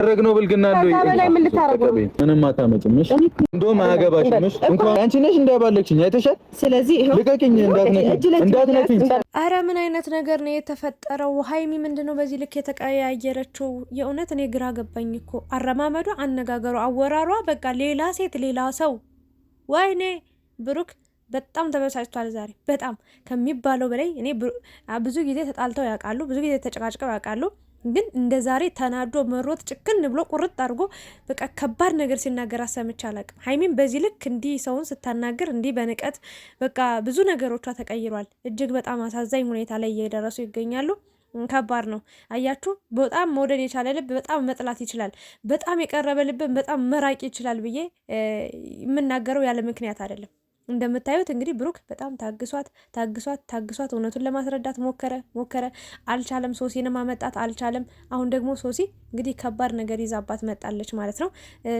ያደረግነው ብልግና አለ ምንም አታመጭም። እሺ እንደውም አያገባሽም። እሺ እንኳን አንቺ ነሽ እንዳይባለችኝ አይተሻል። ስለዚህ ይሄው ልቀቅኝ፣ እንዳትነቂኝ። አረ ምን አይነት ነገር ነው የተፈጠረው? ሀይሚ ምንድነው በዚህ ልክ የተቀያየረችው? የእውነት እኔ ግራ ገባኝ እኮ አረማመዷ፣ አነጋገሯ፣ አወራሯ በቃ ሌላ ሴት ሌላ ሰው። ወይኔ ብሩክ በጣም ተበሳጭቷል ዛሬ በጣም ከሚባለው በላይ። እኔ ብዙ ጊዜ ተጣልተው ያውቃሉ፣ ብዙ ጊዜ ተጨቃጭቀው ያውቃሉ ግን እንደ ዛሬ ተናዶ መሮት ጭክን ብሎ ቁርጥ አድርጎ በቃ ከባድ ነገር ሲናገር አሰምቼ አላቅም። ሀይሚን በዚህ ልክ እንዲህ ሰውን ስታናገር እንዲህ በንቀት በቃ ብዙ ነገሮቿ ተቀይሯል። እጅግ በጣም አሳዛኝ ሁኔታ ላይ እየደረሱ ይገኛሉ። ከባድ ነው። አያችሁ፣ በጣም መውደድ የቻለ ልብ በጣም መጥላት ይችላል። በጣም የቀረበ ልብን በጣም መራቅ ይችላል ብዬ የምናገረው ያለ ምክንያት አይደለም። እንደምታዩት እንግዲህ ብሩክ በጣም ታግሷት ታግሷት ታግሷት እውነቱን ለማስረዳት ሞከረ ሞከረ፣ አልቻለም። ሶሲን ማመጣት አልቻለም። አሁን ደግሞ ሶሲ እንግዲህ ከባድ ነገር ይዛባት መጣለች ማለት ነው።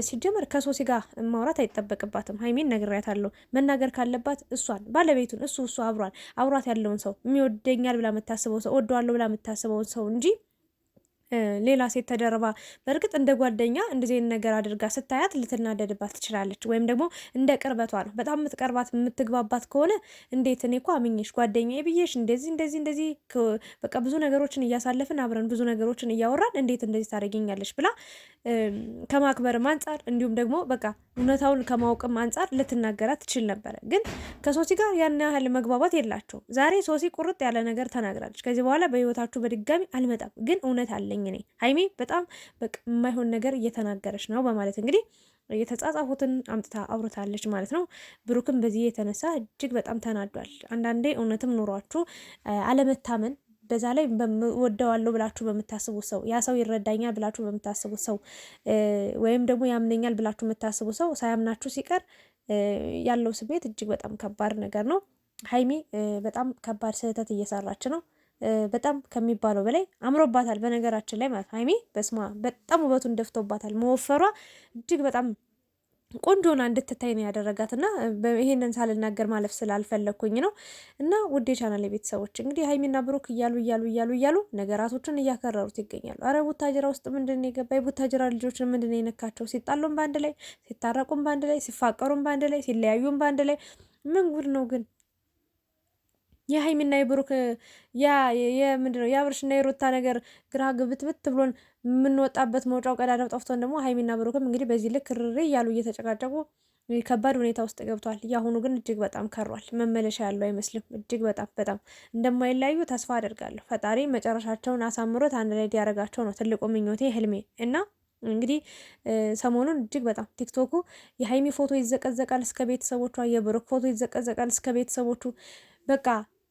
ሲጀመር ከሶሲ ጋር ማውራት አይጠበቅባትም። ሀይሜን ነግሬያታለሁ። መናገር ካለባት እሷን ባለቤቱን እሱ እሱ አብሯን አብሯት ያለውን ሰው የሚወደኛል ብላ የምታስበው ሰው ወደዋለሁ ብላ የምታስበውን ሰው እንጂ ሌላ ሴት ተደርባ በእርግጥ እንደ ጓደኛ እንደዚህ ነገር አድርጋ ስታያት ልትናደድባት ትችላለች። ወይም ደግሞ እንደ ቅርበቷ ነው። በጣም የምትቀርባት የምትግባባት ከሆነ እንዴት እኔ እኮ አምኜሽ ጓደኛ ብዬሽ እንደዚህ እንደዚህ እንደዚህ በቃ ብዙ ነገሮችን እያሳለፍን አብረን ብዙ ነገሮችን እያወራን እንዴት እንደዚህ ታደርጊኛለሽ ብላ ከማክበርም አንጻር እንዲሁም ደግሞ በቃ እውነታውን ከማወቅም አንጻር ልትናገራት ትችል ነበረ። ግን ከሶሲ ጋር ያን ያህል መግባባት የላቸው። ዛሬ ሶሲ ቁርጥ ያለ ነገር ተናግራለች። ከዚህ በኋላ በህይወታችሁ በድጋሚ አልመጣም፣ ግን እውነት አለኝ ነኝ እኔ ሀይሚ በጣም በቃ የማይሆን ነገር እየተናገረች ነው በማለት እንግዲህ የተጻጻፉትን አምጥታ አውርታለች ማለት ነው። ብሩክም በዚህ የተነሳ እጅግ በጣም ተናዷል። አንዳንዴ እውነትም ኑሯችሁ አለመታመን በዛ ላይ ወደዋለሁ ብላችሁ በምታስቡ ሰው ያ ሰው ይረዳኛል ብላችሁ በምታስቡ ሰው ወይም ደግሞ ያምነኛል ብላችሁ የምታስቡት ሰው ሳያምናችሁ ሲቀር ያለው ስሜት እጅግ በጣም ከባድ ነገር ነው። ሀይሚ በጣም ከባድ ስህተት እየሰራች ነው። በጣም ከሚባለው በላይ አምሮባታል። በነገራችን ላይ ማለት ሀይሚ በስማ በጣም ውበቱን ደፍቶባታል። መወፈሯ እጅግ በጣም ቆንጆና እንድትታይ ነው ያደረጋት እና ይሄንን ሳልናገር ማለፍ ስላልፈለግኩኝ ነው። እና ውዴ ቻናል የቤተሰቦች እንግዲህ ሀይሚና ብሩክ እያሉ እያሉ እያሉ እያሉ ነገራቶችን እያከረሩት ይገኛሉ። አረ ቡታጅራ ውስጥ ምንድን የገባ የቡታጅራ ልጆችን ምንድን የነካቸው? ሲጣሉም በአንድ ላይ፣ ሲታረቁም በአንድ ላይ፣ ሲፋቀሩም በአንድ ላይ፣ ሲለያዩም በአንድ ላይ ምን ጉድ ነው ግን? የሀይሚና የብሩክ ያ የምንድነው የአብርሽና የሩታ ነገር ግራ ግብትብት ብሎን የምንወጣበት መውጫው ቀዳዳው ጠፍቶን ደግሞ ሀይሚና ብሩክም እንግዲህ በዚህ ልክ ርሬ እያሉ እየተጨቃጨቁ ከባድ ሁኔታ ውስጥ ገብቷል። የአሁኑ ግን እጅግ በጣም ከሯል። መመለሻ ያለው አይመስልም። እጅግ በጣም በጣም እንደማይለያዩ ተስፋ አደርጋለሁ። ፈጣሪ መጨረሻቸውን አሳምሮት አንድ ላይ ያደርጋቸው ነው ትልቁ ምኞቴ፣ ህልሜ እና እንግዲህ ሰሞኑን እጅግ በጣም ቲክቶኩ የሀይሚ ፎቶ ይዘቀዘቃል እስከ ቤተሰቦቿ፣ የብሩክ ፎቶ ይዘቀዘቃል እስከ ቤተሰቦቹ በቃ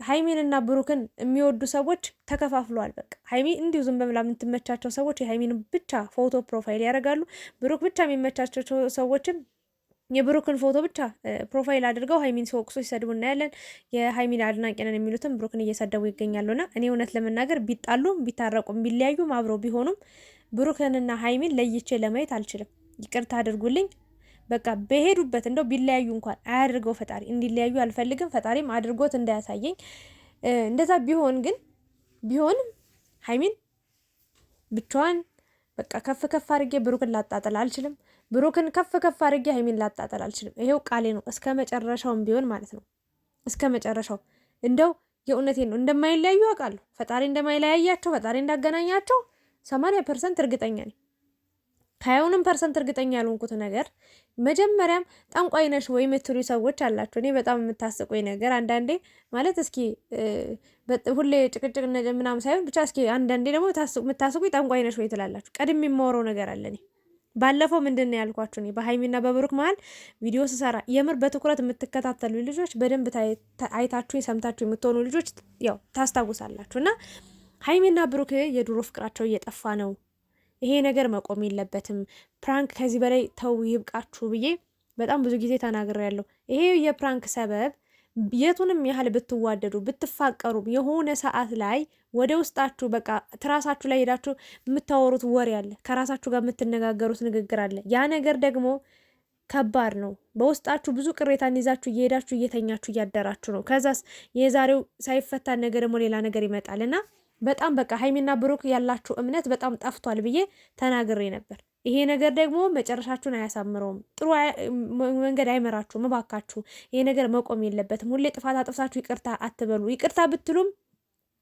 ሀይሚንና ብሩክን የሚወዱ ሰዎች ተከፋፍለዋል። በቃ ሀይሚ እንዲሁ ዝም በምላ የምትመቻቸው ሰዎች የሀይሚን ብቻ ፎቶ ፕሮፋይል ያደርጋሉ። ብሩክ ብቻ የሚመቻቸው ሰዎችም የብሩክን ፎቶ ብቻ ፕሮፋይል አድርገው ሀይሚን ሲወቅሱ ሲሰድቡ እናያለን። የሀይሚን አድናቂ ነን የሚሉትም ብሩክን እየሰደቡ ይገኛሉና እኔ እውነት ለመናገር ቢጣሉም ቢታረቁም ቢለያዩም አብረው ቢሆኑም ብሩክንና ሀይሚን ለይቼ ለማየት አልችልም። ይቅርታ አድርጉልኝ። በቃ በሄዱበት እንደው ቢለያዩ እንኳን አያድርገው ፈጣሪ። እንዲለያዩ አልፈልግም። ፈጣሪም አድርጎት እንዳያሳየኝ። እንደዛ ቢሆን ግን ቢሆንም ሀይሚን ብቻዋን በቃ ከፍ ከፍ አድርጌ ብሩክን ላጣጠል አልችልም። ብሩክን ከፍ ከፍ አድርጌ ሀይሚን ላጣጠል አልችልም። ይሄው ቃሌ ነው፣ እስከ መጨረሻውም ቢሆን ማለት ነው። እስከ መጨረሻው እንደው የእውነቴ ነው። እንደማይለያዩ አውቃለሁ። ፈጣሪ እንደማይለያያቸው፣ ፈጣሪ እንዳገናኛቸው ሰማንያ ፐርሰንት እርግጠኛ ነኝ። ከአሁንም ፐርሰንት እርግጠኛ ያልሆንኩት ነገር መጀመሪያም ጠንቋይ ነሽ ወይ የምትሉ ሰዎች አላቸው። እኔ በጣም የምታስቁኝ ነገር አንዳንዴ ማለት እስኪ ሁሌ ጭቅጭቅ ምናምን ሳይሆን ብቻ እስኪ አንዳንዴ ደግሞ የምታስቁኝ ጠንቋይ ነሽ ወይ ትላላችሁ። ቀድሜ የማወራው ነገር አለ። እኔ ባለፈው ምንድን ነው ያልኳችሁ? እኔ በሀይሚና በብሩክ መሀል ቪዲዮ ስሰራ የምር በትኩረት የምትከታተሉ ልጆች በደንብ አይታችሁ ሰምታችሁ የምትሆኑ ልጆች ያው ታስታውሳላችሁ እና ሀይሚና ብሩክ የድሮ ፍቅራቸው እየጠፋ ነው ይሄ ነገር መቆም የለበትም፣ ፕራንክ ከዚህ በላይ ተው ይብቃችሁ ብዬ በጣም ብዙ ጊዜ ተናግሬያለሁ። ይሄ የፕራንክ ሰበብ የቱንም ያህል ብትዋደዱ ብትፋቀሩ የሆነ ሰዓት ላይ ወደ ውስጣችሁ በቃ ትራሳችሁ ላይ ሄዳችሁ የምታወሩት ወሬ አለ፣ ከራሳችሁ ጋር የምትነጋገሩት ንግግር አለ። ያ ነገር ደግሞ ከባድ ነው። በውስጣችሁ ብዙ ቅሬታን ይዛችሁ እየሄዳችሁ እየተኛችሁ እያደራችሁ ነው። ከዛስ የዛሬው ሳይፈታ ነገር ደግሞ ሌላ ነገር ይመጣል እና በጣም በቃ ሀይሚና ብሩክ ያላችሁ እምነት በጣም ጠፍቷል ብዬ ተናግሬ ነበር። ይሄ ነገር ደግሞ መጨረሻችሁን አያሳምረውም፣ ጥሩ መንገድ አይመራችሁም። እባካችሁ ይሄ ነገር መቆም የለበትም። ሁሌ ጥፋት አጥፍታችሁ ይቅርታ አትበሉ። ይቅርታ ብትሉም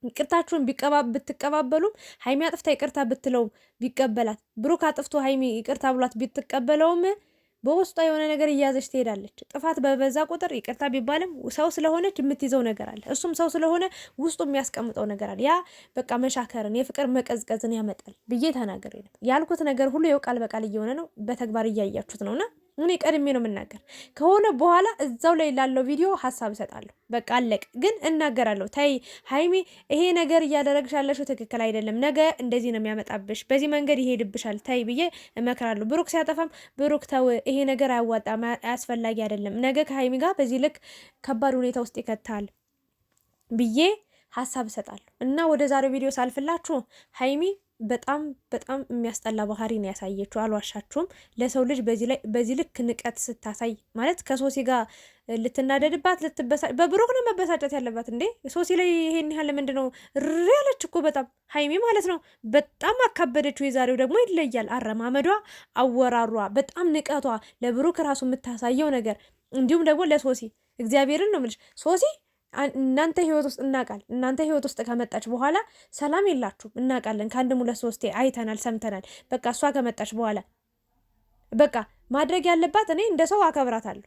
ይቅርታችሁን ብትቀባበሉም ሀይሚ አጥፍታ ይቅርታ ብትለውም ቢቀበላት ብሩክ አጥፍቶ ሀይሚ ይቅርታ ብሏት ብትቀበለውም በውስጧ የሆነ ነገር እያዘች ትሄዳለች። ጥፋት በበዛ ቁጥር ይቅርታ ቢባልም ሰው ስለሆነች የምትይዘው ነገር አለ። እሱም ሰው ስለሆነ ውስጡ የሚያስቀምጠው ነገር አለ። ያ በቃ መሻከርን፣ የፍቅር መቀዝቀዝን ያመጣል ብዬ ተናገር። ያልኩት ነገር ሁሉ የው ቃል በቃል እየሆነ ነው። በተግባር እያያችሁት ነውና እኔ ቀድሜ ነው የምናገር። ከሆነ በኋላ እዛው ላይ ላለው ቪዲዮ ሀሳብ እሰጣለሁ። በቃ አለቅ። ግን እናገራለሁ። ታይ ሀይሜ፣ ይሄ ነገር እያደረግሽ ያለሽው ትክክል አይደለም፣ ነገ እንደዚህ ነው የሚያመጣብሽ፣ በዚህ መንገድ ይሄድብሻል፣ ታይ ብዬ እመክራለሁ። ብሩክ ሲያጠፋም ብሩክ ተው፣ ይሄ ነገር አያዋጣም፣ አያስፈላጊ አይደለም፣ ነገ ከሀይሜ ጋር በዚህ ልክ ከባድ ሁኔታ ውስጥ ይከታል ብዬ ሀሳብ እሰጣለሁ። እና ወደ ዛሬው ቪዲዮ ሳልፍላችሁ ሀይሚ በጣም በጣም የሚያስጠላ ባህሪ ነው ያሳየችው። አልዋሻችሁም። ለሰው ልጅ በዚህ ላይ በዚህ ልክ ንቀት ስታሳይ ማለት ከሶሲ ጋር ልትናደድባት ልትበሳ በብሩክ ነው መበሳጨት ያለባት እንዴ? ሶሲ ላይ ይሄን ያህል ምንድን ነው ር ያለች እኮ በጣም ሀይሜ ማለት ነው። በጣም አካበደችው። የዛሬው ደግሞ ይለያል። አረማመዷ፣ አወራሯ፣ በጣም ንቀቷ፣ ለብሩክ ራሱ የምታሳየው ነገር እንዲሁም ደግሞ ለሶሲ እግዚአብሔርን ነው የምልሽ ሶሲ እናንተ ህይወት ውስጥ እናቃል እናንተ ህይወት ውስጥ ከመጣች በኋላ ሰላም የላችሁም፣ እናውቃለን። ከአንድም ሁለት ሶስቴ አይተናል፣ ሰምተናል። በቃ እሷ ከመጣች በኋላ በቃ ማድረግ ያለባት እኔ እንደ ሰው አከብራታለሁ።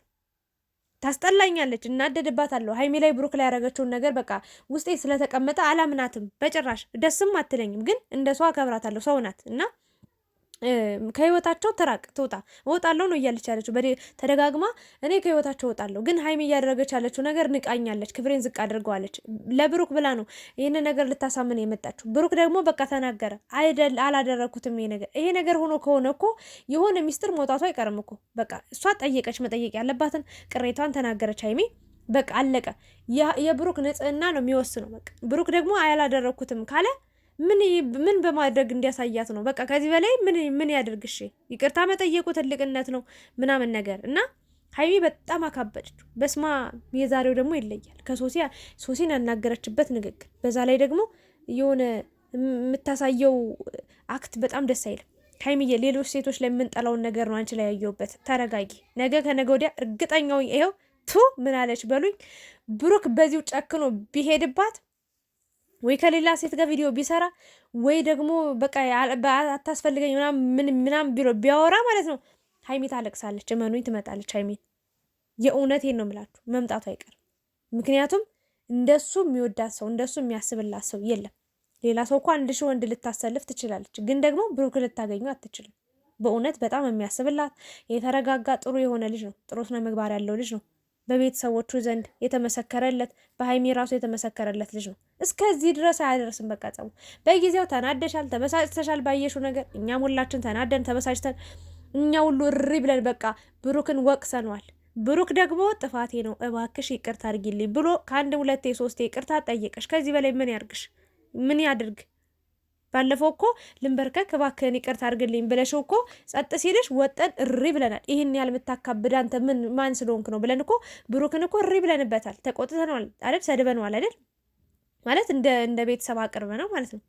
ታስጠላኛለች፣ እናደድባታለሁ። ሀይሚ ላይ ብሩክ ላይ ያደረገችውን ነገር በቃ ውስጤ ስለተቀመጠ አላምናትም፣ በጭራሽ ደስም አትለኝም። ግን እንደ ሰው አከብራታለሁ። ሰው ናት እና ከህይወታቸው ትራቅ ትውጣ። እወጣለሁ ነው እያለች ያለችው ተደጋግማ። እኔ ከህይወታቸው እወጣለሁ፣ ግን ሀይሚ እያደረገች ያለችው ነገር ንቃኛለች፣ ክብሬን ዝቅ አድርገዋለች። ለብሩክ ብላ ነው ይህን ነገር ልታሳምን የመጣችው። ብሩክ ደግሞ በቃ ተናገረ፣ አላደረግኩትም። ይሄ ነገር ይሄ ነገር ሆኖ ከሆነ እኮ የሆነ ሚስጥር መውጣቱ አይቀርም እኮ። በቃ እሷ ጠየቀች፣ መጠየቅ ያለባትን ቅሬታን ተናገረች ሀይሚ በቃ አለቀ። የብሩክ ንጽህና ነው የሚወስነው። በቃ ብሩክ ደግሞ አያላደረግኩትም ካለ ምን ምን በማድረግ እንዲያሳያት ነው? በቃ ከዚህ በላይ ምን ምን ያድርግሽ? ይቅርታ መጠየቁ ትልቅነት ነው ምናምን ነገር እና ሀይሚ በጣም አካበደችው። በስማ የዛሬው ደግሞ ይለያል። ከሶሲ ሶሲን ያናገረችበት ንግግር፣ በዛ ላይ ደግሞ የሆነ የምታሳየው አክት በጣም ደስ አይልም። ሀይሚዬ ሌሎች ሴቶች ላይ የምንጠላውን ነገር ነው አንቺ ላይ ያየሁበት። ተረጋጊ። ነገ ከነገ ወዲያ እርግጠኛው ይኸው ቱ ምን አለች በሉኝ። ብሩክ በዚሁ ጨክኖ ቢሄድባት ወይ ከሌላ ሴት ጋር ቪዲዮ ቢሰራ ወይ ደግሞ በቃ አታስፈልገኝ ምናምን ምናምን ቢሮ ቢያወራ ማለት ነው ሀይሚ ታለቅሳለች። እመኑኝ ትመጣለች። ሀይሚን የእውነቴን ነው የምላችሁ መምጣቱ አይቀርም። ምክንያቱም እንደሱ የሚወዳት ሰው እንደሱ የሚያስብላት ሰው የለም። ሌላ ሰው እኮ አንድ ሺህ ወንድ ልታሰልፍ ትችላለች፣ ግን ደግሞ ብሩክ ልታገኙ አትችልም። በእውነት በጣም የሚያስብላት የተረጋጋ ጥሩ የሆነ ልጅ ነው። ጥሩ ስነ ምግባር ያለው ልጅ ነው። በቤተሰቦቹ ዘንድ የተመሰከረለት በሀይሚ ራሱ የተመሰከረለት ልጅ ነው። እስከዚህ ድረስ አያደርስም። በቃ ጸቡ በጊዜው ተናደሻል፣ ተበሳጭተሻል። ባየሽው ነገር እኛም ሁላችን ተናደን ተበሳጭተን እኛ ሁሉ እሪ ብለን በቃ ብሩክን ወቅሰነዋል። ብሩክ ደግሞ ጥፋቴ ነው እባክሽ ይቅርታ አድርጊልኝ ብሎ ከአንድ ሁለቴ ሶስቴ ይቅርታ ጠየቀሽ። ከዚህ በላይ ምን ያርግሽ? ምን ያድርግ? ባለፈው እኮ ልንበርከክ እባክህን ይቅርታ አድርግልኝ ብለሽው እኮ ጸጥ ሲልሽ ወጠን እሪ ብለናል። ይህን ያህል የምታካብድ አንተ ምን ማን ስለሆንክ ነው ብለን እኮ ብሩክን እኮ እሪ ብለንበታል። ተቆጥተነዋል አይደል? ሰድበነዋል አይደል? ማለት እንደ ቤተሰብ አቅርበ ነው ማለት ነው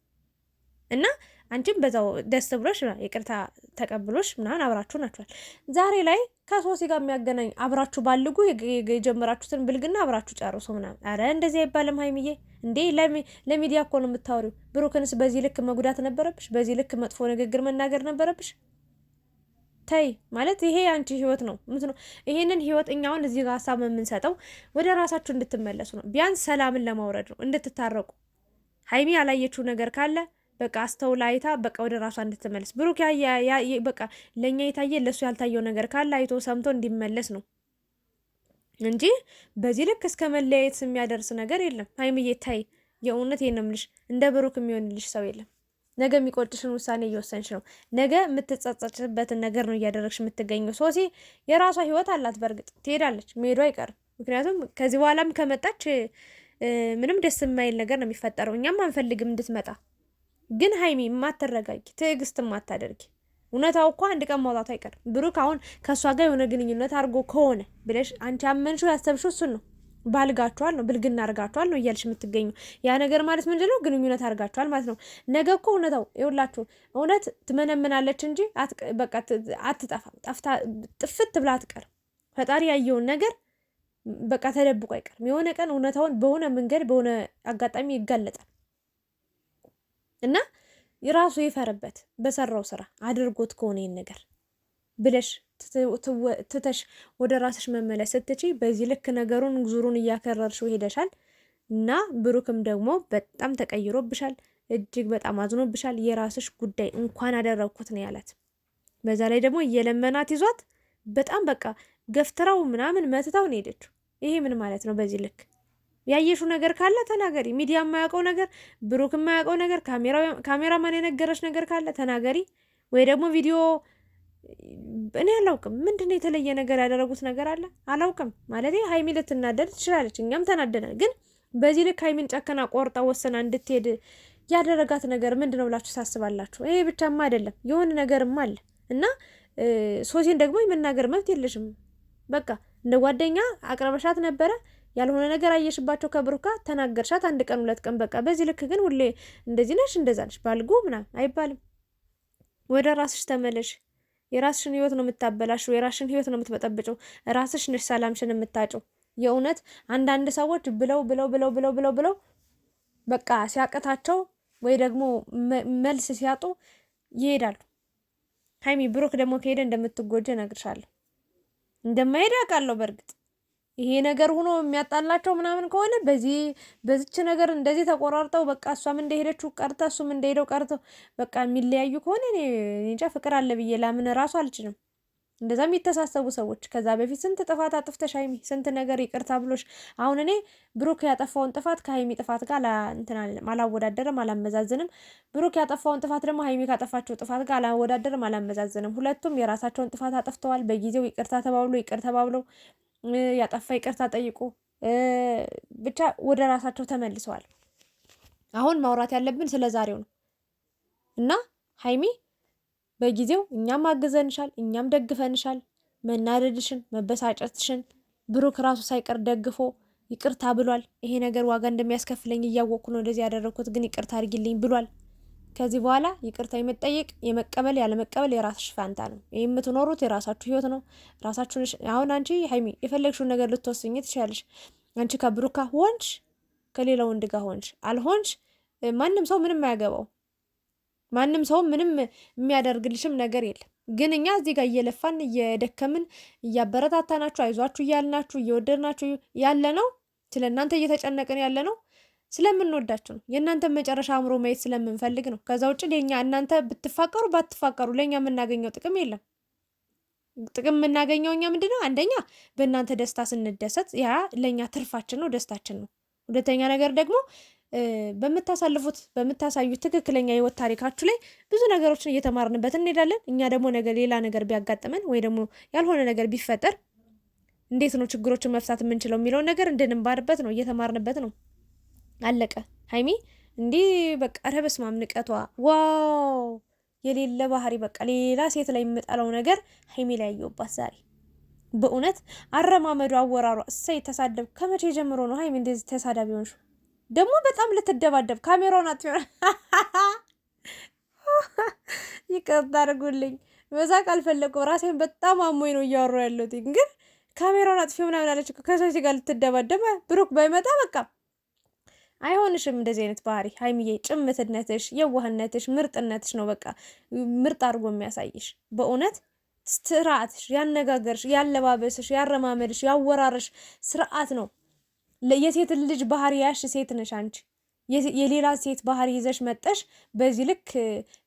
እና አንቺም በዛው ደስ ብሎሽ ይቅርታ ተቀብሎሽ ምናምን አብራችሁ ናችኋል። ዛሬ ላይ ከሶሲ ጋር የሚያገናኝ አብራችሁ ባልጉ የጀመራችሁትን ብልግና አብራችሁ ጨርሱ ምናምን። አረ እንደዚህ አይባልም ሀይሚዬ እንዴ! ለሚዲያ እኮ ነው የምታወሪው። ብሩክንስ በዚህ ልክ መጉዳት ነበረብሽ? በዚህ ልክ መጥፎ ንግግር መናገር ነበረብሽ? ተይ ማለት ይሄ አንቺ ህይወት ነው ምት ነው። ይሄንን ህይወት እኛውን እዚህ ጋር ሀሳብ የምንሰጠው ወደ ራሳችሁ እንድትመለሱ ነው። ቢያንስ ሰላምን ለማውረድ ነው፣ እንድትታረቁ። ሀይሚ ያላየችው ነገር ካለ በቃ አስተውላ አይታ በቃ ወደ ራሷ እንድትመለስ ብሩክ በቃ ለእኛ የታየ ለእሱ ያልታየው ነገር ካለ አይቶ ሰምቶ እንዲመለስ ነው እንጂ በዚህ ልክ እስከ መለያየት የሚያደርስ ነገር የለም። ሀይምዬ ታይ የእውነት የነምልሽ እንደ ብሩክ የሚሆንልሽ ሰው የለም። ነገ የሚቆጭሽን ውሳኔ እየወሰንሽ ነው። ነገ የምትጸጸጭበትን ነገር ነው እያደረግሽ የምትገኘው። ሶሲ የራሷ ህይወት አላት። በእርግጥ ትሄዳለች፣ መሄዱ አይቀርም። ምክንያቱም ከዚህ በኋላም ከመጣች ምንም ደስ የማይል ነገር ነው የሚፈጠረው። እኛም አንፈልግም እንድትመጣ ግን ሀይሚ የማትረጋጊ ትዕግስት የማታደርጊ እውነታው እኮ አንድ ቀን መውጣቱ አይቀርም። ብሩክ አሁን ከእሷ ጋር የሆነ ግንኙነት አድርጎ ከሆነ ብለሽ አንቺ አመንሽ ያሰብሽ እሱን ነው ባልጋችኋል ነው ብልግና አርጋችኋል ነው እያልሽ የምትገኙ ያ ነገር ማለት ምንድን ነው? ግንኙነት አርጋችኋል ማለት ነው። ነገ እኮ እውነታው ይኸውላችሁ፣ እውነት ትመነምናለች እንጂ በቃ አትጠፋም። ጠፍታ ጥፍት ብላ አትቀርም። ፈጣሪ ያየውን ነገር በቃ ተደብቆ አይቀርም። የሆነ ቀን እውነታውን በሆነ መንገድ በሆነ አጋጣሚ ይጋለጣል። እና ራሱ ይፈርበት በሰራው ስራ አድርጎት ከሆነ ይህን ነገር ብለሽ ትተሽ ወደ ራስሽ መመለስ ስትቺ በዚህ ልክ ነገሩን ዙሩን እያከረርሽው ሄደሻል እና ብሩክም ደግሞ በጣም ተቀይሮብሻል። እጅግ በጣም አዝኖብሻል። የራስሽ ጉዳይ እንኳን አደረግኩት ነው ያላት። በዛ ላይ ደግሞ እየለመናት ይዟት በጣም በቃ ገፍትራው ምናምን መትታው ነው ሄደችው። ይሄ ምን ማለት ነው በዚህ ልክ ያየሹ ነገር ካለ ተናገሪ። ሚዲያ የማያውቀው ነገር፣ ብሩክ የማያውቀው ነገር፣ ካሜራማን የነገረች ነገር ካለ ተናገሪ። ወይ ደግሞ ቪዲዮ እኔ አላውቅም። ምንድነው የተለየ ነገር ያደረጉት ነገር አለ? አላውቅም ማለት ሀይሚ ልትናደድ ትችላለች። እኛም ተናደናል። ግን በዚህ ልክ ሀይሚን ጨከና ቆርጣ ወሰና እንድትሄድ ያደረጋት ነገር ምንድን ነው ብላችሁ ታስባላችሁ? ይሄ ብቻማ አይደለም፣ የሆነ ነገርም አለ እና ሶሴን ደግሞ የመናገር መብት የለሽም። በቃ እንደ ጓደኛ አቅርበሻት ነበረ ያልሆነ ነገር አየሽባቸው ከብሩካ ተናገርሻት፣ አንድ ቀን ሁለት ቀን በቃ። በዚህ ልክ ግን ሁሌ እንደዚህ ነሽ እንደዛ ነሽ ባልጉ ምናምን አይባልም። ወደ ራስሽ ተመለሽ። የራስሽን ህይወት ነው የምታበላሽው። የራስሽን ህይወት ነው የምትበጠብጨው። ራስሽ ነሽ ሰላምሽን የምታጭው። የእውነት አንዳንድ ሰዎች ብለው ብለው ብለው ብለው ብለው ብለው በቃ ሲያቅታቸው ወይ ደግሞ መልስ ሲያጡ ይሄዳሉ። ሀይሚ ብሩክ ደግሞ ከሄደ እንደምትጎጀ እነግርሻለሁ። እንደማይሄድ አውቃለሁ በእርግጥ ይሄ ነገር ሆኖ የሚያጣላቸው ምናምን ከሆነ በዚህ በዚች ነገር እንደዚህ ተቆራርጠው በቃ እሷም እንደሄደችው ቀርተ እሱም እንደሄደው ቀርተው በቃ የሚለያዩ ከሆነ እኔ እንጃ ፍቅር አለ ብዬ ላምን ራሱ አልችልም። እንደዛ የሚተሳሰቡ ሰዎች ከዛ በፊት ስንት ጥፋት አጥፍተሽ ሀይሚ ስንት ነገር ይቅርታ ብሎሽ፣ አሁን እኔ ብሩክ ያጠፋውን ጥፋት ከሀይሚ ጥፋት ጋር አላወዳደርም፣ አላመዛዝንም። ብሩክ ያጠፋውን ጥፋት ደግሞ ሀይሚ ካጠፋቸው ጥፋት ጋር አላወዳደርም፣ አላመዛዝንም። ሁለቱም የራሳቸውን ጥፋት አጥፍተዋል። በጊዜው ይቅርታ ተባብሎ ይቅር ተባብለው ያጠፋ ይቅርታ ጠይቁ፣ ብቻ ወደ ራሳቸው ተመልሰዋል። አሁን ማውራት ያለብን ስለ ዛሬው ነው እና ሀይሚ በጊዜው እኛም አግዘንሻል፣ እኛም ደግፈንሻል። መናደድሽን፣ መበሳጨትሽን ብሩክ ራሱ ሳይቀር ደግፎ ይቅርታ ብሏል። ይሄ ነገር ዋጋ እንደሚያስከፍለኝ እያወቅኩ ነው እንደዚህ ያደረግኩት፣ ግን ይቅርታ አድርጊልኝ ብሏል። ከዚህ በኋላ ይቅርታ የመጠየቅ የመቀበል ያለመቀበል የራስሽ ፋንታ ነው። ይህ የምትኖሩት የራሳችሁ ህይወት ነው። ራሳችሁን አሁን አንቺ ሀይሚ የፈለግሽውን ነገር ልትወስኝ ትችላለሽ። አንቺ ከብሩካ ሆንሽ፣ ከሌላ ወንድ ጋር ሆንሽ አልሆንሽ፣ ማንም ሰው ምንም አያገባው። ማንም ሰው ምንም የሚያደርግልሽም ነገር የለም። ግን እኛ እዚህ ጋር እየለፋን እየደከምን እያበረታታናችሁ አይዟችሁ እያልናችሁ እየወደድናችሁ ያለ ነው። ስለ እናንተ እየተጨነቅን ያለ ነው። ስለምንወዳችሁ ነው። የእናንተ መጨረሻ አእምሮ ማየት ስለምንፈልግ ነው። ከዛ ውጭ ለኛ እናንተ ብትፋቀሩ ባትፋቀሩ ለእኛ የምናገኘው ጥቅም የለም። ጥቅም የምናገኘው እኛ ምንድን ነው? አንደኛ በእናንተ ደስታ ስንደሰት፣ ያ ለእኛ ትርፋችን ነው፣ ደስታችን ነው። ሁለተኛ ነገር ደግሞ በምታሳልፉት በምታሳዩት ትክክለኛ ህይወት ታሪካችሁ ላይ ብዙ ነገሮችን እየተማርንበት እንሄዳለን። እኛ ደግሞ ነገር ሌላ ነገር ቢያጋጥመን ወይ ደግሞ ያልሆነ ነገር ቢፈጠር እንዴት ነው ችግሮችን መፍታት የምንችለው የሚለውን ነገር እንድንባርበት ነው፣ እየተማርንበት ነው። አለቀ። ሀይሚ እንዲህ በቃ ኧረ በስመ አብ ንቀቷ ዋው የሌለ ባህሪ በቃ ሌላ ሴት ላይ የምጠላው ነገር ሀይሚ ላይ ያየሁባት ዛሬ በእውነት አረማመዱ፣ አወራሯ እሰይ ተሳደብ። ከመቼ ጀምሮ ነው ሀይሚ እንደዚህ ተሳዳቢ ሆንሽ? ደግሞ በጣም ልትደባደብ ካሜራውን አት ይቅርታ አድርጉልኝ፣ መሳቅ አልፈለኩም። ራሴን በጣም አሞኝ ነው እያወራሁ ያለሁት፣ ግን ካሜራውን አጥፊ ምናምን አለች። ከሰች ጋር ልትደባደብ ብሩክ ባይመጣ በቃ አይሆንሽም እንደዚህ አይነት ባህሪ ሀይሚዬ። ጭምትነትሽ፣ የዋህነትሽ፣ ምርጥነትሽ ነው በቃ ምርጥ አድርጎ የሚያሳይሽ በእውነት ስርዓትሽ፣ ያነጋገርሽ፣ ያለባበስሽ፣ ያረማመድሽ፣ ያወራርሽ ስርዓት ነው። የሴት ልጅ ባህሪ ያሽ ሴት ነሽ አንቺ። የሌላ ሴት ባህሪ ይዘሽ መጠሽ በዚህ ልክ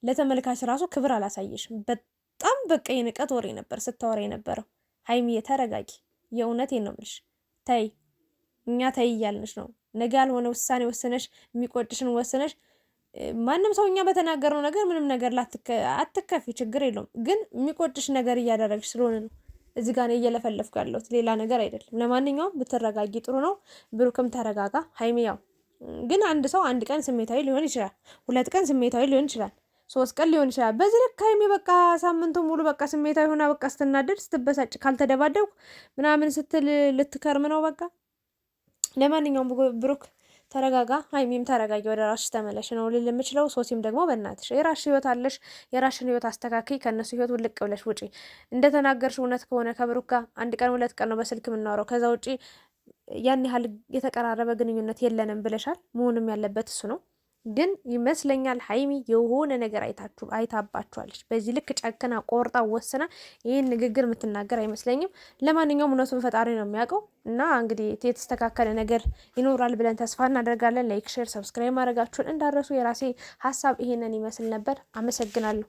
ለተመልካች ራሱ ክብር አላሳየሽ። በጣም በቃ የንቀት ወሬ ነበር ስታወራ የነበረው። ሀይሚዬ ተረጋጊ። የእውነቴን ነው የምልሽ። ተይ እኛ ተይ እያልንሽ ነው ነገ ያልሆነ ውሳኔ ወሰነሽ፣ የሚቆጭሽን ወሰነሽ ማንም ሰው እኛ በተናገርነው ነገር ምንም ነገር አትከፊ፣ ችግር የለውም። ግን የሚቆጭሽ ነገር እያደረግሽ ስለሆነ ነው እዚህ ጋር እየለፈለፍኩ ያለሁት ሌላ ነገር አይደለም። ለማንኛውም ብትረጋጊ ጥሩ ነው። ብሩክም ተረጋጋ። ሀይሚ ያው ግን አንድ ሰው አንድ ቀን ስሜታዊ ሊሆን ይችላል፣ ሁለት ቀን ስሜታዊ ሊሆን ይችላል፣ ሶስት ቀን ሊሆን ይችላል። በዚህ ልክ ሀይሚ በቃ ሳምንቱ ሙሉ በቃ ስሜታዊ ሆና በቃ ስትናደድ ስትበሳጭ ካልተደባደብኩ ምናምን ስትል ልትከርም ነው በቃ ለማንኛውም ብሩክ ተረጋጋ፣ ሀይሚም ተረጋጊ፣ ወደ ራስሽ ተመለሽ ነው ልል የምችለው። ሶሲም ደግሞ በእናትሽ የራስሽ ህይወት አለሽ፣ የራስሽን ህይወት አስተካክይ፣ ከእነሱ ህይወት ውልቅ ብለሽ ውጪ። እንደተናገርሽ እውነት ከሆነ ከብሩክ ጋር አንድ ቀን ሁለት ቀን ነው በስልክ የምናወራው፣ ከዛ ውጪ ያን ያህል የተቀራረበ ግንኙነት የለንም ብለሻል። መሆንም ያለበት እሱ ነው። ግን ይመስለኛል ሀይሚ የሆነ ነገር አይታችሁ አይታባችኋለች። በዚህ ልክ ጨክና ቆርጣ ወስና ይህን ንግግር የምትናገር አይመስለኝም። ለማንኛውም እውነቱን ፈጣሪ ነው የሚያውቀው እና እንግዲህ የተስተካከለ ነገር ይኖራል ብለን ተስፋ እናደርጋለን። ላይክ፣ ሼር፣ ሰብስክራይብ ማድረጋችሁን እንዳረሱ። የራሴ ሀሳብ ይሄንን ይመስል ነበር። አመሰግናለሁ።